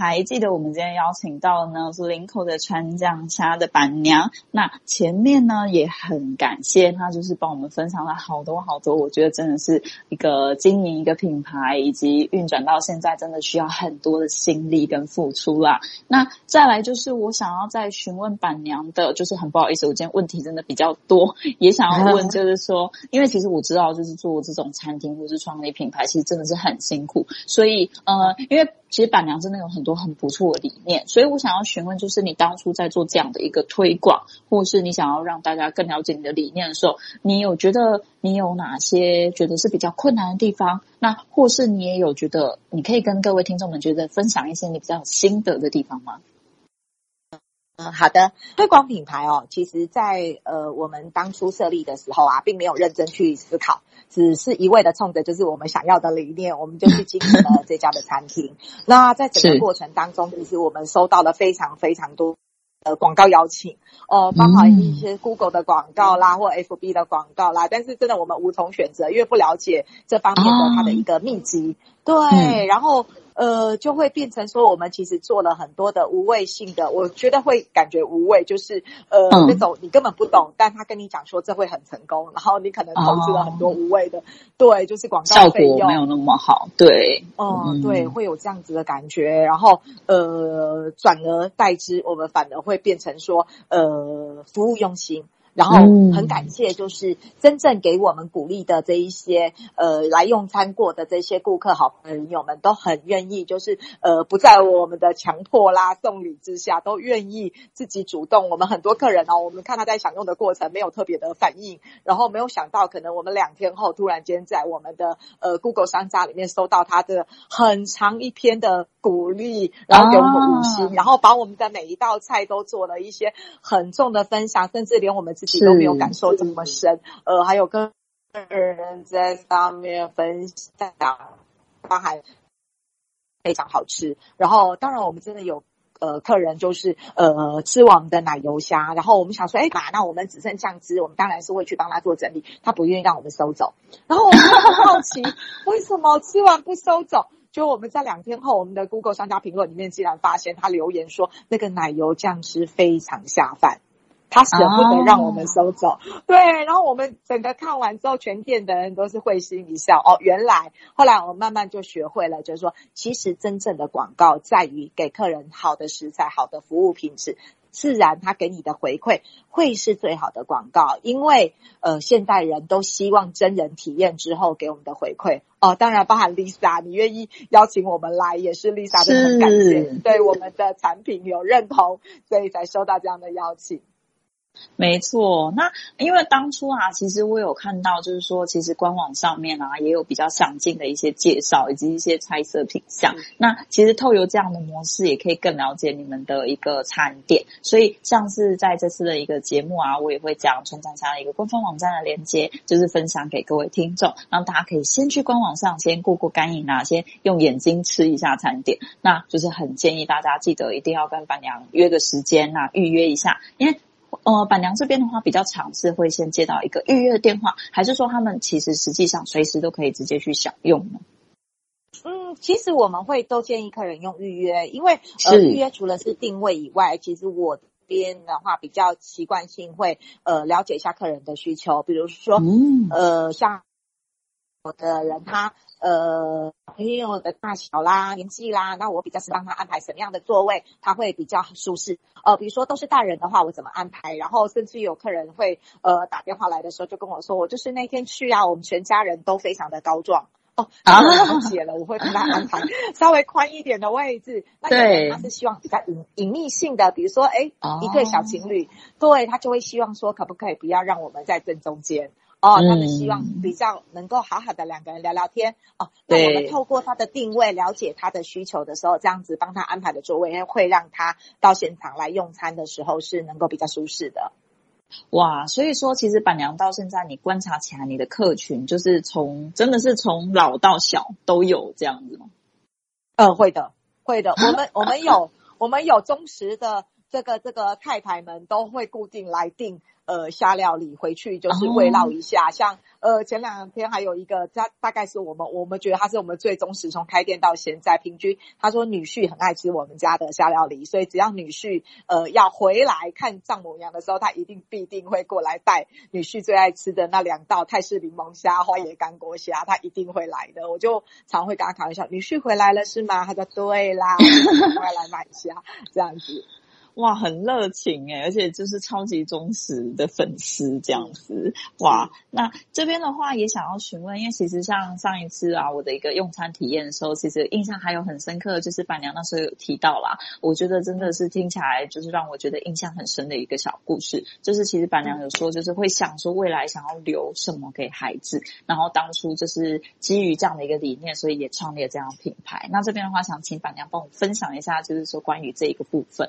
還記得我們今天邀請到的呢，是林口的川將蝦的闆娘，那前面呢也很感謝她，就是幫我們分享了好多好多，我覺得真的是一個經營一個品牌以及運轉到現在，真的需要很多的心力跟付出啦。那再來就是我想要再詢問闆娘的，就是很不好意思，我今天問題真的比較多，也想要問就是說， 因為其實我知道就是做這種餐廳或是創立品牌，其實真的是很辛苦，所以呃，因為其實闆娘真的有很都很不錯的理念，所以我想要詢問，就是你當初在做這樣的一個推廣，或是你想要讓大家更了解你的理念的時候，你有覺得你有哪些覺得是比較困難的地方？那或是你也有覺得你可以跟各位聽眾們覺得分享一些你比較有心得的地方嗎？嗯，好的。推廣品牌哦，其實在，在呃，我們當初設立的時候啊，並沒有認真去思考，只是一味的衝着就是我們想要的理念，我們就去經營了這家的餐廳。 那在整個過程當中，其實我們收到了非常非常多呃廣告邀請哦、呃，包含一些 Google 的廣告啦、嗯，或 FB 的廣告啦。但是真的我們無從選擇，因為不了解這方面的它的一個秘籍。哦、對、嗯，然後。呃，就會變成說，我們其實做了很多的無謂性的，我覺得會感覺無謂，就是呃、嗯、那種你根本不懂，但他跟你講說這會很成功，然後你可能投資了很多無謂的、哦，對，就是廣告費用效果沒有那麼好，對，哦、呃嗯，對，會有這樣子的感覺，然後呃，轉而代之，我們反而會變成說，呃，服務用心。然後很感謝，就是真正給我們鼓勵的這一些呃來用餐過的這些顧客好朋友們都很願意，就是呃不在我們的強迫啦送禮之下，都願意自己主動。我們很多客人哦，我們看他在享用的過程沒有特別的反應，然後沒有想到，可能我們兩天後突然間在我們的呃 Google 商家裡面收到他的很長一篇的鼓勵，然後給我們五星，然後把我們的每一道菜都做了一些很重的分享，甚至連我們自己都沒有感受這麼深，呃，還有跟客人在上面分享，他還非常好吃。然後，當然我們真的有呃客人就是呃吃完的奶油蝦，然後我們想說，哎，那我們只剩醬汁，我們當然是會去幫他做整理，他不願意讓我們收走。然後我們很好奇， 為什麼吃完不收走？就我們在兩天後，我們的 Google 商家評論裡面竟然發現他留言說，那個奶油醬汁非常下飯。他捨不得讓我們收走、oh.，對。然後我們整個看完之後，全店的人都是會心一笑。哦，原來。後來我慢慢就學會了，就是說，其實真正的廣告，在於給客人好的食材、好的服務品質，自然他給你的回饋會是最好的廣告。因為呃，現代人都希望真人體驗之後給我們的回饋。哦，當然，包含 Lisa，你願意邀請我們來，也是 Lisa 的感謝，對我們的產品有認同， 所以才收到這樣的邀請。沒錯，那因為當初啊，其實我有看到，就是說，其實官網上面啊，也有比較詳盡的一些介紹，以及一些菜色品項、嗯。那其實透過這樣的模式，也可以更了解你們的一個餐點。所以，像是在這次的一個節目啊，我也會將川將蝦的一個官方網站的鏈接，就是分享給各位聽眾，讓大家可以先去官網上先過過乾癮啊，先用眼睛吃一下餐點。那就是很建議大家記得一定要跟闆娘約個時間啊，預約一下，因為。呃，板娘這邊的話比較常是會先接到一個預約的電話，還是說他們其實實際上隨時都可以直接去享用呢？嗯，其實我們會都建議客人用預約，因為呃，預約除了是定位以外，其實我這邊的話比較習慣性會呃了解一下客人的需求，比如說、嗯、呃像。有的人他呃朋友的大小啦、年紀啦，那我比較是幫他安排什麼樣的座位，他會比較舒適。呃，比如說都是大人的話，我怎麼安排？然後甚至有客人會呃打電話來的時候，就跟我說，我就是那天去啊，我們全家人都非常的高壯哦，uh -huh. 啊，了解了，我會幫他安排稍微寬一點的位置。那個、他是希望比較隱隱祕性的，比如說誒、欸，一對小情侶，uh -huh. 對他就會希望說，可不可以不要讓我們在正中間？哦，他們希望比較能夠好好的兩個人聊聊天、嗯、哦。那我們透過他的定位了解他的需求的時候，這樣子幫他安排的座位會讓他到現場來用餐的時候是能夠比較舒適的。哇，所以說其實闆娘到現在你觀察起來，你的客群就是從真的是從老到小都有這樣子嗎？呃、嗯，會的，會的。啊、我們我們有、啊、我們有忠實的這個這個太太們都會固定來訂。呃，蝦料理回去就是慰勞一下。Oh. 像呃，前兩天還有一個，他大概是我們，我們覺得他是我們最忠實。從開店到現在，平均他說女婿很愛吃我們家的蝦料理，所以只要女婿呃要回來看丈母娘的時候，他一定必定會過來帶女婿最愛吃的那兩道泰式檸檬蝦、花椰乾鍋蝦，他、oh. 一定會來的。我就常會跟他開玩笑，女婿回來了是嗎？他說對啦，我回來買蝦 這樣子。哇，很熱情欸，而且就是超級忠實的粉絲這樣子哇。那這邊的話也想要詢問，因為其實像上一次啊，我的一個用餐體驗的時候，其實印象還有很深刻，就是板娘那時候有提到啦，我覺得真的是聽起來就是讓我覺得印象很深的一個小故事，就是其實板娘有說就是會想說未來想要留什麼給孩子，然後當初就是基於這樣的一個理念，所以也創立了這樣的品牌。那這邊的話，想請板娘幫我分享一下，就是說關於這一個部分。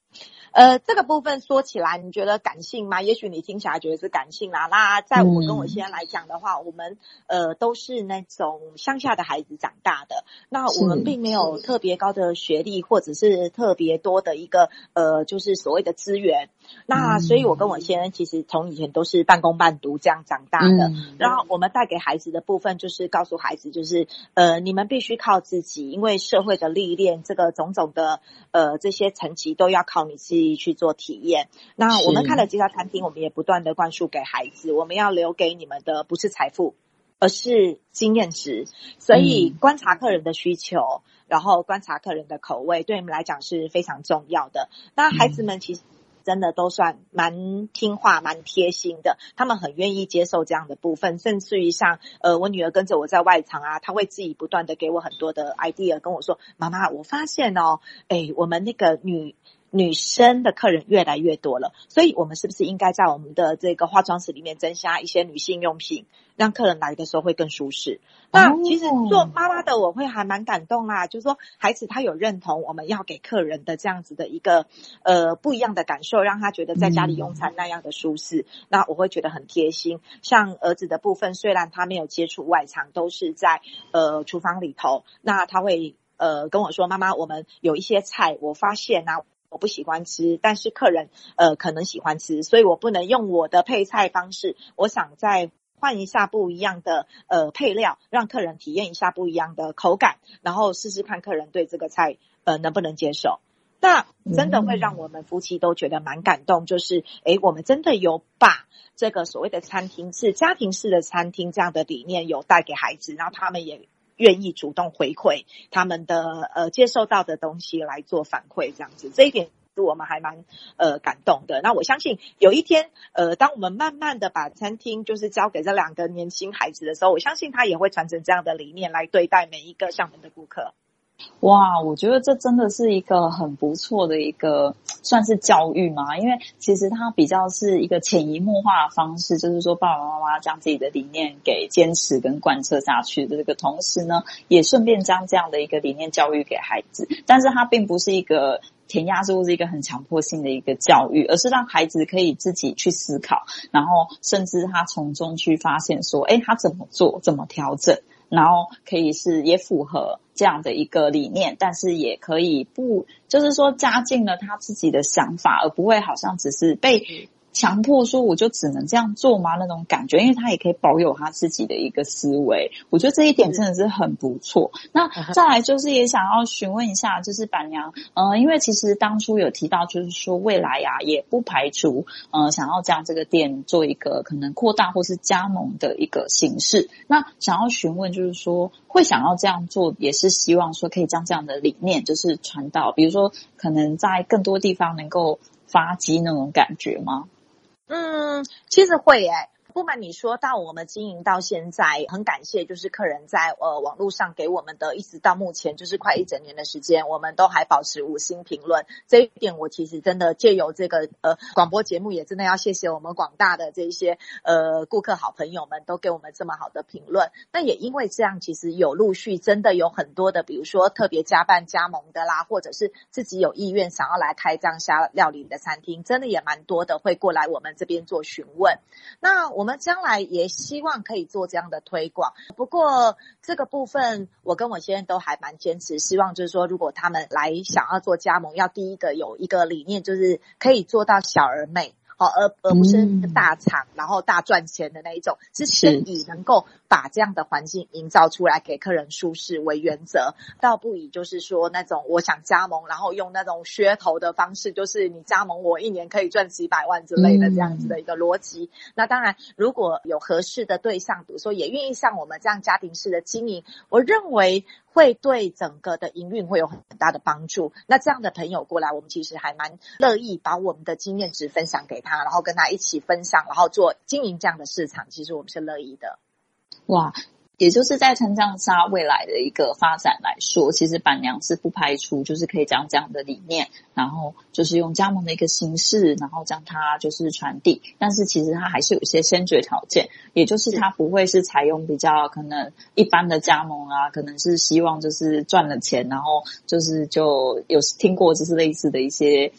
呃，這個部分說起來，你覺得感性嗎？也許你聽起來覺得是感性啦。那在我跟我先生來講的話，嗯、我們呃都是那種鄉下的孩子長大的，那我們並沒有特別高的學歷，或者是特別多的一個呃，就是所謂的資源。嗯、那所以我跟我先生其實從以前都是半工半讀這樣長大的。嗯、然後我們帶給孩子的部分就是告訴孩子，就是呃，你們必須靠自己，因為社會的歷練，這個種種的呃這些層級都要靠你自己。自己去做體驗。那我們看了其他餐廳，我們也不斷的灌輸給孩子。我們要留給你們的不是財富，而是經驗值。所以觀察客人的需求、嗯，然後觀察客人的口味，對你們來講是非常重要的。那孩子們其實真的都算蠻聽話、蠻貼心的。他們很願意接受這樣的部分，甚至於像呃，我女兒跟着我在外場啊，她會自己不斷的給我很多的 idea，跟我說：“媽媽，我發現哦、喔，哎、欸，我們那個女……”女生的客人越來越多了，所以我們是不是應該在我們的這個化妝室裡面增加一些女性用品，讓客人來的時候會更舒適？那其實做媽媽的我會還蠻感動啦，就是說孩子他有認同我們要給客人的這樣子的一個呃不一樣的感受，讓他覺得在家裡用餐那樣的舒適，那我會覺得很貼心。像兒子的部分，雖然他沒有接觸外場，都是在呃廚房裡頭，那他會呃跟我說：“媽媽，我們有一些菜，我發現啊。”不喜歡吃，但是客人呃可能喜歡吃，所以我不能用我的配菜方式。我想再換一下不一樣的呃配料，讓客人體驗一下不一樣的口感，然後試試看客人對這個菜呃能不能接受。那真的會讓我們夫妻都覺得蠻感動，就是誒，我們真的有把這個所謂的餐廳是家庭式的餐廳這樣的理念有帶給孩子，然後他們也。願意主動回饋他們的呃接受到的東西來做反饋，這樣子，這一點對我們還蠻呃感動的。那我相信有一天呃，當我們慢慢的把餐廳就是交給這兩個年輕孩子的時候，我相信他也會傳承這樣的理念來對待每一個上門的顧客。哇，我覺得這真的是一個很不錯的一個，算是教育嘛。因為其實它比較是一個潛移默化的方式，就是說爸爸媽媽將自己的理念給堅持跟貫徹下去的這個同時呢，也順便將這樣的一個理念教育給孩子。但是它並不是一個填鴨式，或是一個很強迫性的一個教育，而是讓孩子可以自己去思考，然後甚至他從中去發現說，哎，他怎麼做，怎麼調整。然後可以是也符合這樣的一個理念，但是也可以不，就是說加進了他自己的想法，而不會好像只是被。強迫說我就只能這樣做嗎？那種感覺，因為他也可以保有他自己的一個思維。我覺得這一點真的是很不錯。那再來就是也想要詢問一下，就是闆娘，呃，因為其實當初有提到，就是說未來呀、啊、也不排除，呃，想要將這個店做一個可能擴大或是加盟的一個形式。那想要詢問就是說會想要這樣做，也是希望說可以將這樣的理念就是傳到，比如說可能在更多地方能夠發跡那種感覺嗎？嗯，其實會耶。不瞞你說到，我們經營到現在，很感謝就是客人在呃網絡上給我們的，一直到目前就是快一整年的時間，我們都還保持五星評論。這一點我其實真的借由這個呃廣播節目，也真的要謝謝我們廣大的這些呃顧客好朋友們，都給我們這麼好的評論。那也因為這樣，其實有陸續真的有很多的，比如說特別加班加盟的啦，或者是自己有意願想要來開張蝦料理的餐廳，真的也蠻多的，會過來我們這邊做詢問。那我。我們將來也希望可以做這樣的推廣，不過這個部分我跟我先生都還蠻堅持，希望就是說，如果他們來想要做加盟，要第一個有一個理念，就是可以做到小而美。而不是大廠，嗯，然後大賺錢的那一種，是先以能夠把這樣的環境營造出來，給客人舒適為原則，倒不以就是說那種我想加盟，然後用那種噱頭的方式，就是你加盟我一年可以賺幾百萬之類的這樣子的一個邏輯。嗯、那當然，如果有合適的對象，比如說也願意像我們這樣家庭式的經營，我認為。會對整個的營運會有很大的幫助。那這樣的朋友過來，我們其實還蠻樂意把我們的經驗值分享給他，然後跟他一起分享，然後做經營這樣的市場，其實我們是樂意的。哇！也就是在川將蝦未來的一個發展來說，其實闆娘是不排除就是可以講這樣的理念，然後就是用加盟的一個形式，然後將它就是傳遞。但是其實它還是有一些先決條件，也就是它不會是採用比較可能一般的加盟啊，可能是希望就是賺了錢，然後就是就有聽過就是類似的一些。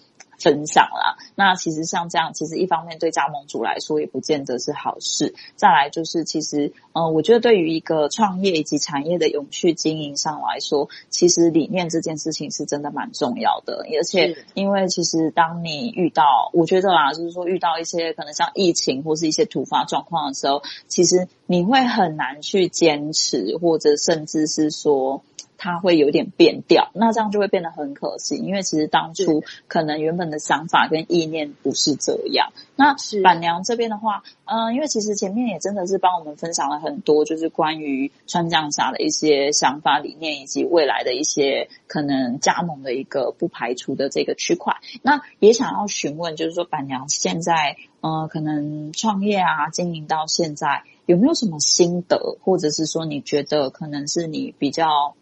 分享啦。那其實像這樣，其實一方面對加盟主來說也不見得是好事。再來就是，其實，呃，我覺得對於一個創業以及產業的永續經營上來說，其實理念這件事情是真的蠻重要的。而且，因為其實當你遇到，我覺得啦，就是說遇到一些可能像疫情或是一些突發狀況的時候，其實你會很難去堅持，或者甚至是說，它會有點變調，那這樣就會變得很可惜，因為其實當初可能原本的想法跟意念不是這樣。那板娘這邊的話，嗯、呃，因為其實前面也真的是幫我們分享了很多，就是關於川將蝦的一些想法理念以及未來的一些可能加盟的一個不排除的這個區塊。那也想要詢問，就是說板娘現在，嗯、呃，可能創業啊，經營到現在有沒有什麼心得，或者是說你覺得可能是你比較。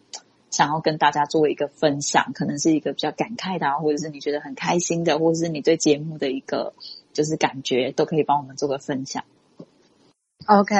想要跟大家做一個分享，可能是一個比較感慨的，啊，或者是你覺得很開心的，或者是你對節目的一個就是感覺，都可以幫我們做個分享。OK，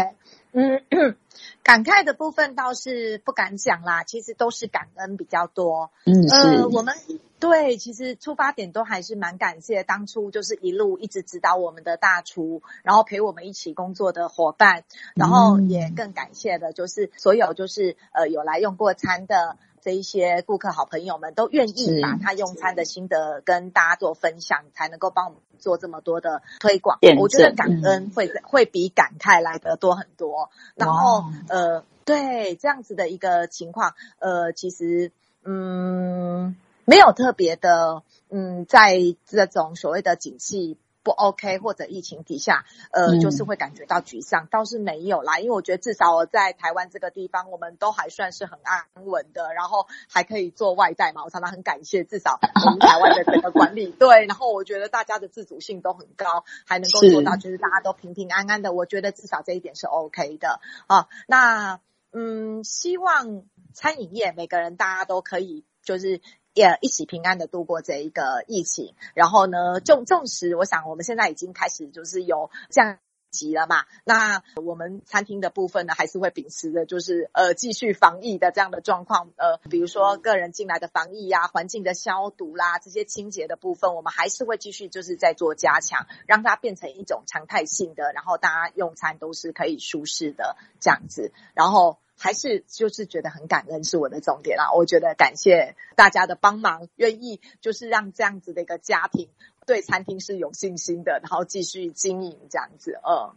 嗯， 感慨的部分倒是不敢講啦，其實都是感恩比較多。嗯，是。呃、我們。對，其實出發點都還是蠻感謝，當初就是一路一直指導我們的大廚，然後陪我們一起工作的夥伴，然後也更感謝的就是所有就是呃有來用過餐的這一些顧客好朋友們，都願意把他用餐的心得跟大家做分享，才能夠幫我們做這麼多的推廣。我覺得感恩會、嗯、會比感慨來的多很多。然後呃，對這樣子的一個情況，呃，其實嗯。沒有特別的，嗯，在這種所謂的景氣不 OK 或者，疫情底下，呃、嗯，就是會感覺到沮喪，倒是沒有啦。因為我覺得至少我在台灣這個地方，我們都還算是很安穩的，然後還可以做外帶嘛。我常常很感謝至少我們台灣的整個管理， 對。然後我覺得大家的自主性都很高，還能夠做到，就是大家都平平安安的。我覺得至少這一點是 OK 的啊。那嗯，希望餐飲業每個人大家都可以就是。也、yeah, 一起平安的度過這一個疫情，然後呢，重重視。我想，我們現在已經開始就是有這樣。急了嘛？那我們餐廳的部分呢，還是會秉持着就是呃繼續防疫的這樣的狀況。呃，比如說個人進來的防疫呀、啊、環境的消毒啦、啊、這些清潔的部分，我們還是會繼續就是在做加強，讓它變成一種常態性的。然後大家用餐都是可以舒適的這樣子。然後還是就是覺得很感恩是我的重點啦、啊。我覺得感謝大家的幫忙，願意就是讓這樣子的一個家庭。對餐廳是有信心的，然後繼續經營這樣子，嗯，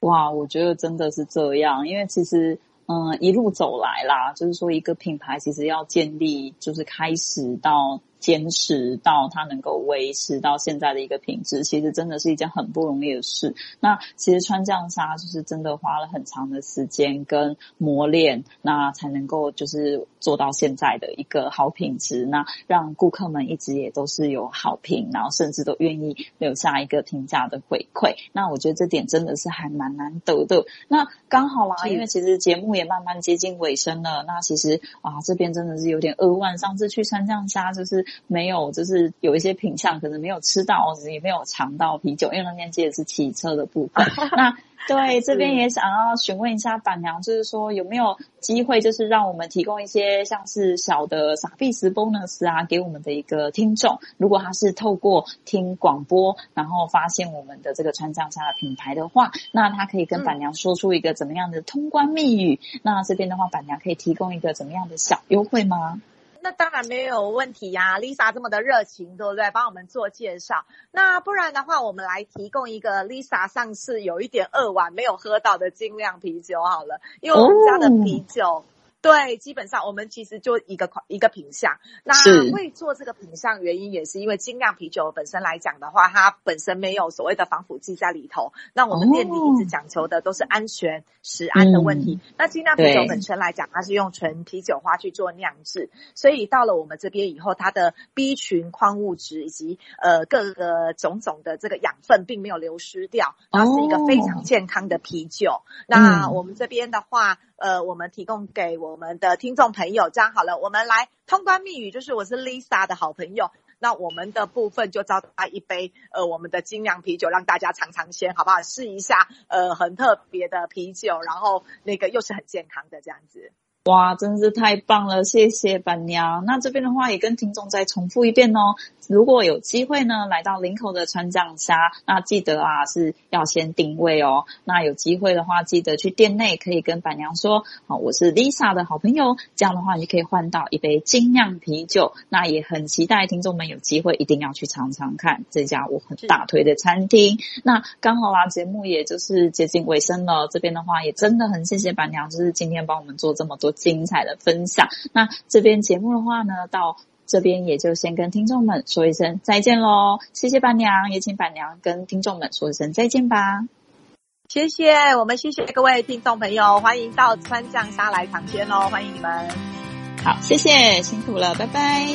哇，我覺得真的是這樣，因為其實，嗯，一路走來啦，就是說一個品牌其實要建立，就是開始到。堅持到它能夠維持到現在的一個品質，其實真的是一件很不容易的事。那其實川將蝦就是真的花了很長的時間跟磨練，那才能夠就是做到現在的一個好品質，那讓顧客們一直也都是有好評，然後甚至都願意留下一個評價的回饋。那我覺得這點真的是還蠻難得的。那剛好啦、嗯，因為其實節目也慢慢接近尾聲了，那其實啊這邊真的是有點扼腕，上次去川將蝦就是。沒有，就是有一些品項，可能沒有吃到，也沒有嚐到啤酒，因為那天接的是騎車的部分。 那對這邊也想要詢問一下闆娘，就是說有沒有機會，就是讓我們提供一些像是小的 service bonus 啊，給我們的一個聽眾。如果他是透過聽廣播，然後發現我們的這個川將蝦的品牌的話，那他可以跟闆娘說出一個怎麼樣的通關密語。嗯。那這邊的話，闆娘可以提供一個怎麼樣的小優惠嗎？那當然沒有問題呀，啊，Lisa 這麼的熱情，對不對？幫我們做介紹。那不然的話，我們來提供一個 Lisa 上次有一點兒晚沒有喝到的精釀啤酒好了，因為我們家的啤酒。對，基本上我們其實就一個款一個品項。那會做這個品項，原因也是因為精釀啤酒本身來講的話，它本身沒有所謂的防腐劑在裡頭。那我們店裡一直講求的都是安全、食安的問題。哦嗯、那精釀啤酒本身來講，它是用純啤酒花去做釀制，所以到了我們這邊以後，它的 B 群礦物質以及呃各個種種的這個養分並沒有流失掉，它是一個非常健康的啤酒。哦嗯、那我們這邊的話。呃，我們提供給我們的聽眾朋友這樣好了，我們來通關密語，就是我是 Lisa 的好朋友。那我們的部分就招待一杯，呃，我們的精釀啤酒，讓大家嚐嚐鮮，好不好？試一下，呃，很特別的啤酒，然後那個又是很健康的這樣子。哇，真是太棒了！謝謝板娘。那這邊的話也跟聽眾再重複一遍哦。如果有機會呢，來到林口的川將蝦，那記得啊是要先定位哦。那有機會的話，記得去店內可以跟板娘說，好、啊，我是 Lisa 的好朋友，這樣的話你就可以換到一杯精釀啤酒。那也很期待聽眾們有機會一定要去嚐嚐看這家我很大推的餐廳。那剛好啊，節目也就是接近尾聲了，這邊的話也真的很謝謝板娘，就是今天幫我們做這麼多。精彩的分享，那這邊節目的話呢，到這邊也就先跟聽眾們說一聲再見嘍。謝謝闆娘，也請闆娘跟聽眾們說一聲再見吧。謝謝，我們謝謝各位聽眾朋友，歡迎到川將蝦來嘗鮮哦，歡迎你們。好，謝謝，辛苦了，拜拜。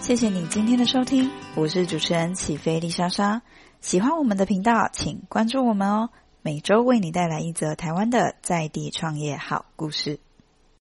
謝謝你今天的收聽，我是主持人起飛麗莎莎，喜歡我們的頻道，請關注我們哦。每週為你帶來一則台灣的在地創業好故事。